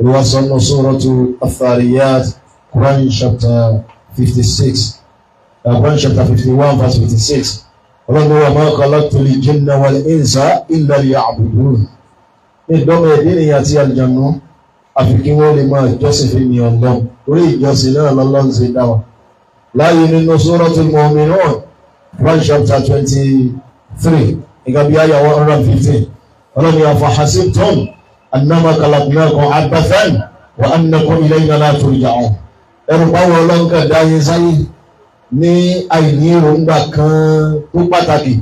olùwàsánù suratu Ath-Dhariyat Quran chapter 56, six uh, Quran chapter 51, verse 56. six ọlọ́run wa ma khalaqtul jinna wal insa illa liya'budun ìdọ́mọ ìdíyẹn àti àlùjànnú àfi kí wọ́n lè máa jọ́sìn fún mi ọ̀gbọ́n orí ìjọsìn náà Quran chapter 23. three ìgbàgbé ayàwó ọ̀rọ̀ fifteen ọlọ́run annama khalaqnakum abathan wa annakum ilayna la turja'un ẹrù báwo ọlọ́run kan dá yín sáyé ní àìní èròǹgbà kan tó pàtàkì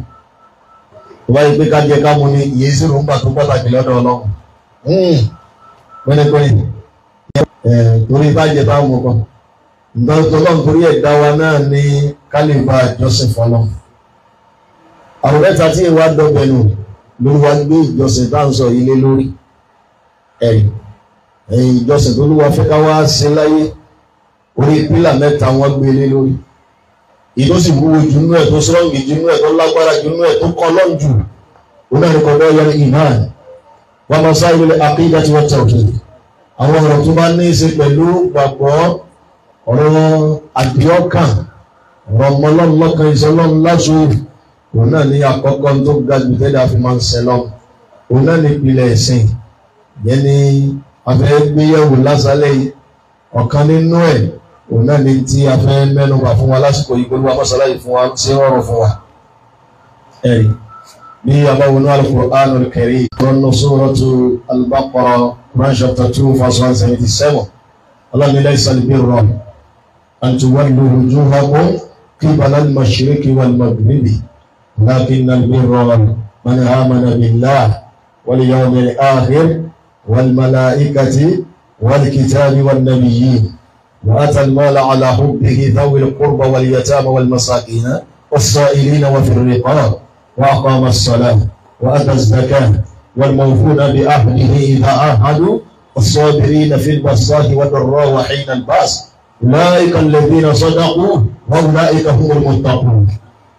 tó bá yẹ pé kájẹ ká mu ni ìyẹn sí èròǹgbà tó pàtàkì lọ́dọ̀ ọlọ́run pẹ́ẹ́nẹ́pẹ́ẹ́n hmm. torí bàjẹ́ bá mú kọ́ ǹdọ́n tó lọ́n torí ẹ̀dá wa náà ní kálíbà ìjọsìn fọlọ́ àwọn mẹ́ta tí ìwà dọ̀bẹ̀ nù lórí wa gbé ìjọsìn tá à ń sọ ilé lórí ẹ̀yìn ẹ̀yìn ìjọsìn tó lúwa fẹ́ ká wá sí láyé orí pílà mẹ́ta wọ́n gbé lé lórí ìtò sì wúwo jù nú ẹ̀ tó sọ́ọ̀gì jù nú ẹ̀ tó lágbára jù nú ẹ̀ tó kọ́ lọ́n jù onárìkọ̀ náà yọrí ìmáà wa masailul aqidati wat tawhid àwọn ọ̀rọ̀ tó bá ní í ṣe pẹ̀lú gbàgbọ́ ọ̀rọ̀ àdìọ́kàn ọ̀rọ̀ ọmọlọ́mọlọ́kan ìṣọlọ́run láṣọ òun náà ní àkọ́kọ́ tó ga jù tẹ́lẹ̀ àfi máa ń ṣẹlọ́run òun náà ní ìpìlẹ̀ ẹ̀sìn yẹn ni a fẹ́ gbéyẹ̀wò lásàlẹ̀ yìí ọ̀kan nínú ẹ̀ òun náà ni tí a fẹ́ mẹ́nu bà fún wa lásìkò yìí gbogbo amọ́sálá yìí fún wa ṣé rọrùn fún wa. ẹ̀rí bí abáwọnú al-Qur'an al-Karim lọ́nà suratu al-Baqara Quran chapter two verse one seventy seven ọlọ́ni laysa al-birra an tuwallu wujuhakum qibala al-mashriqi wal-maghribi lakinna al-birra man amana billahi wal yawmil akhir والملائكة والكتاب والنبيين وأتى المال على حبه ذوي القربى واليتامى والمساكين والصائلين وفي الرقاب وأقام الصلاة وأتى الزكاة والموفون بأهله إذا عاهدوا الصابرين في البصاء والضراء وحين الباس أولئك الذين صدقوا وأولئك هم المتقون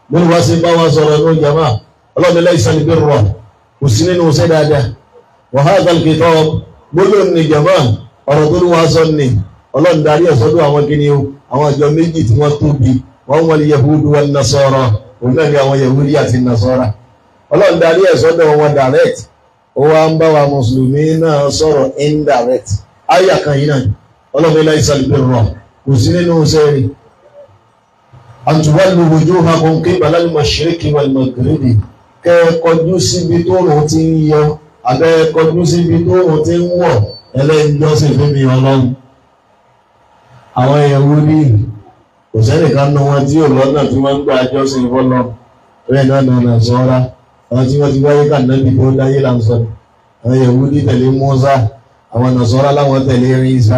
من واسم بوا زرنون جماعة الله ليس البر وسنين وسدادة wàhálà kìtọ́ gbólóhùn ní jama ọ̀rọ̀ tó ní wàá sọ ni ọlọ́run darí ẹ̀ sọ́dọ̀ àwọn kìíní o àwọn àjọ méjì tí wọ́n tóbi wọ́n wọ́n yahudu wọn nasọ́ra òun náà ni àwọn yahudi àti nasọ́ra ọlọ́run darí ẹ̀ sọ́dọ̀ wọn direct ó wá ń bá wa mùsùlùmí náà sọ̀rọ̀ indirect ayà kan yìí náà ọlọ́run ilá ìsàlùbẹ̀ rọ̀ kò sí nínú sẹ́ẹ̀rì àtúwálù ojú hakùn kí balálùmọ̀ ṣẹ́ẹ̀kì wal maghribi kẹ́ kọjú síbi tó rùn ti ń yọ abẹ́ kọjú síbi tó o ti ń wọ̀ ẹlẹ́njọ́sìn fún mi ọlọ́run àwọn èèyàn wú ní kò sẹ́nìkan nu wọn tí ò lọ́nà tí wọ́n ń gbà jọ́sìn fọ́lọ́ bẹ́ẹ̀ náà nà nà sọ́ra àwọn tí wọ́n ti wáyé kà nẹ́bí tó dáyé là ń sọ àwọn èèyàn wú ní tẹ̀lé Mùsá àwọn nà sọ́ra láwọn tẹ̀lé Ìsá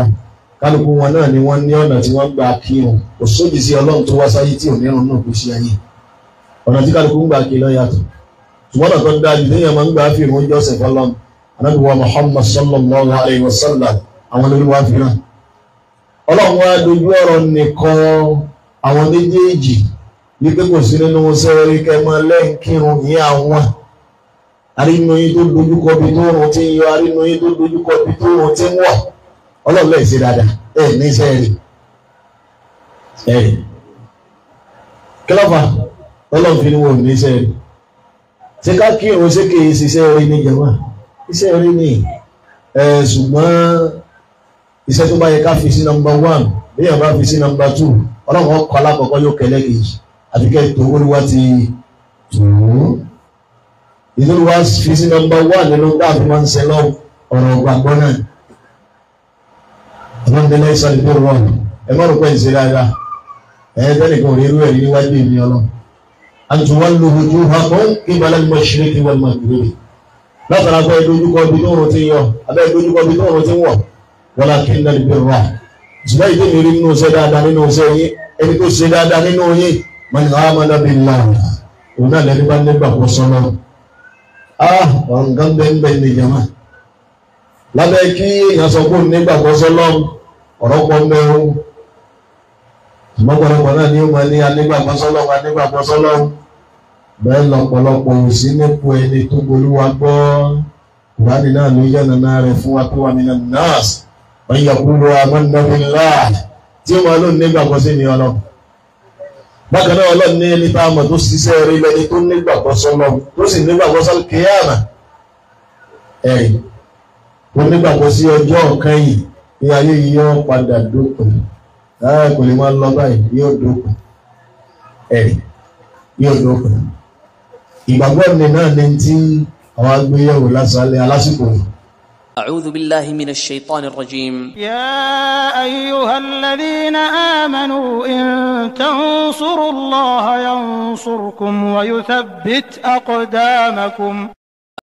kálukú wọn náà ni wọ́n ní ọ̀nà tí wọ́n gbà kí wọn kò sóbì sí ọlọ́run tó wá sáyé tí ò ní ọ̀nà òkú ayé ọ̀nà tí kálukú ń gbà kí lọ́yàtọ̀ ṣùgbọ́n ọ̀tọ́ dájú ní ẹ̀mọ́ ń gbà fi ìrún jọ́sìn fọlọ́m anábìwá Muhammad sallallahu alayhi wa sallam àwọn olóríwá fi hàn ọlọ́run wá dojú ọ̀rọ̀ nìkan àwọn méjèèjì ní pé kò sí nínú sẹ́ẹ̀rí kẹmọ lẹ́ǹkírun ní àwọn arínú yín tó dojúkọ bí tó rùn tí ń yọ arínú yín tó dojúkọ bí tó rùn tí ń wọ̀ ọlọ́run lẹ́yìn sí dáadáa ẹ̀ ní sẹ́ẹ̀rí sẹ́ẹ̀rí kí lọ́fà ọlọ́run fi ní wọ̀ ní sẹ́ẹ̀rí ṣé ká kí òun ṣé kì í ṣiṣẹ́ rí ní jama iṣẹ́ rí ní ẹ̀ ṣùgbọ́n iṣẹ́ tó bá yẹ ká fi sí nọmba one léèyàn bá fi sí nọmba two ọlọ́run ọkọ̀ alákọ̀ọ́kọ́ yóò kẹ́lẹ́ kejì àfi kẹ́ tó olúwa ti tù ú ìdúrúwa fi sí nọmba one nínú dáàbò máa ń ṣe lọ ọ̀rọ̀ gbàgbọ́ náà ọlọ́run tẹ́lẹ̀ sọ̀rọ̀ ìbéèrè wọn ẹ má rò pé ìṣe dáadáa ẹ̀ẹ́dẹ́nìkan ò rí irú ẹ̀rí níwájú ìmí ọlọ́run àjùwọ́lù ojú hakọ́ kíbalẹ̀ mọ̀ṣíríkì wọ́n mọ̀ níbi látara pé ìdójúkọ bí tó rò ti yọ abẹ́ ìdójúkọ bí tó rò ti wọ̀ wọ́n la kí n dẹ́nu bí rà ṣùgbọ́n ìdí mi rí nínú ṣe dáadáa nínú ṣe yín ẹni tó ṣe dáadáa nínú yín mọ̀n àmàlà bí nà òun náà lẹ́ni bá nígbà kó sọ́nà ah ọ̀ǹkan bẹ́ẹ̀ ní jama lábẹ́ kí èèyàn sọ fún nígbà kó sọ́nà ọ̀rọ̀ pọ̀ mẹ́rin àmọ́ pọ̀lọpọ̀ náà ni ó ní anígbà kó bẹ́ẹ̀ lọ́pọ̀lọpọ̀ òsì nípò ẹni tó bolúwa gbọ́ kùránì náà ló yànnàná rẹ̀ fún wa pé wà nínú nọ́ọ̀sì wọ́n yẹ kú lọ́wọ́ amọ́nàmílá tí wọ́n ló nígbàgbọ́ sí ni ọlọ́ bákan náà ọlọ́run ní ẹni tá a mọ̀ tó ṣiṣẹ́ rí lẹ́ni tó nígbàgbọ́ sọ́lọ́ tó sì nígbàgbọ́ sọ́lọ́ kíyàmà ẹ̀rí tó nígbàgbọ́ sí ọjọ́ ọ̀kan yìí ní ayé yìí yóò padà dókun láàrín kò lè máa lọ báyìí yóò dókun ẹ̀rí yóò dókun. أعوذ بالله من الشيطان الرجيم يا أيها الذين آمنوا إن تنصروا الله ينصركم ويثبت أقدامكم